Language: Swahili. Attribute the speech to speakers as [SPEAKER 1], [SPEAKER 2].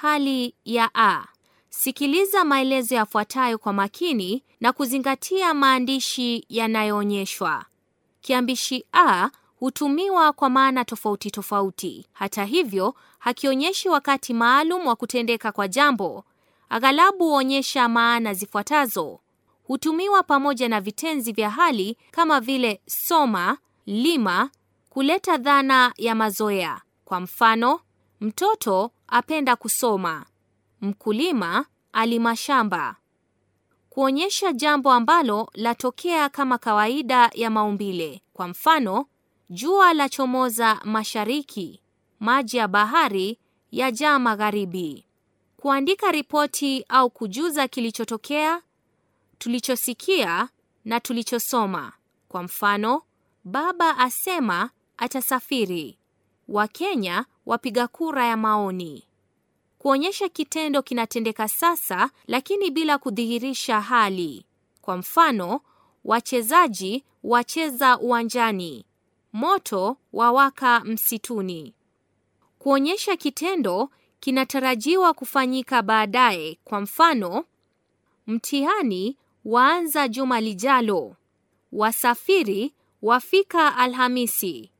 [SPEAKER 1] Hali ya A. Sikiliza maelezo yafuatayo kwa makini na kuzingatia maandishi yanayoonyeshwa. Kiambishi a hutumiwa kwa maana tofauti tofauti. Hata hivyo, hakionyeshi wakati maalum wa kutendeka kwa jambo. Aghalabu huonyesha maana zifuatazo: hutumiwa pamoja na vitenzi vya hali kama vile soma, lima, kuleta dhana ya mazoea. Kwa mfano, Mtoto apenda kusoma. Mkulima alima shamba. Kuonyesha jambo ambalo latokea kama kawaida ya maumbile. Kwa mfano, jua lachomoza mashariki, maji ya bahari yajaa magharibi. Kuandika ripoti au kujuza kilichotokea, tulichosikia na tulichosoma. Kwa mfano, baba asema atasafiri. Wakenya wapiga kura ya maoni. Kuonyesha kitendo kinatendeka sasa lakini bila kudhihirisha hali. Kwa mfano, wachezaji wacheza uwanjani, moto wawaka msituni. Kuonyesha kitendo kinatarajiwa kufanyika baadaye. Kwa mfano, mtihani waanza juma lijalo, wasafiri wafika Alhamisi.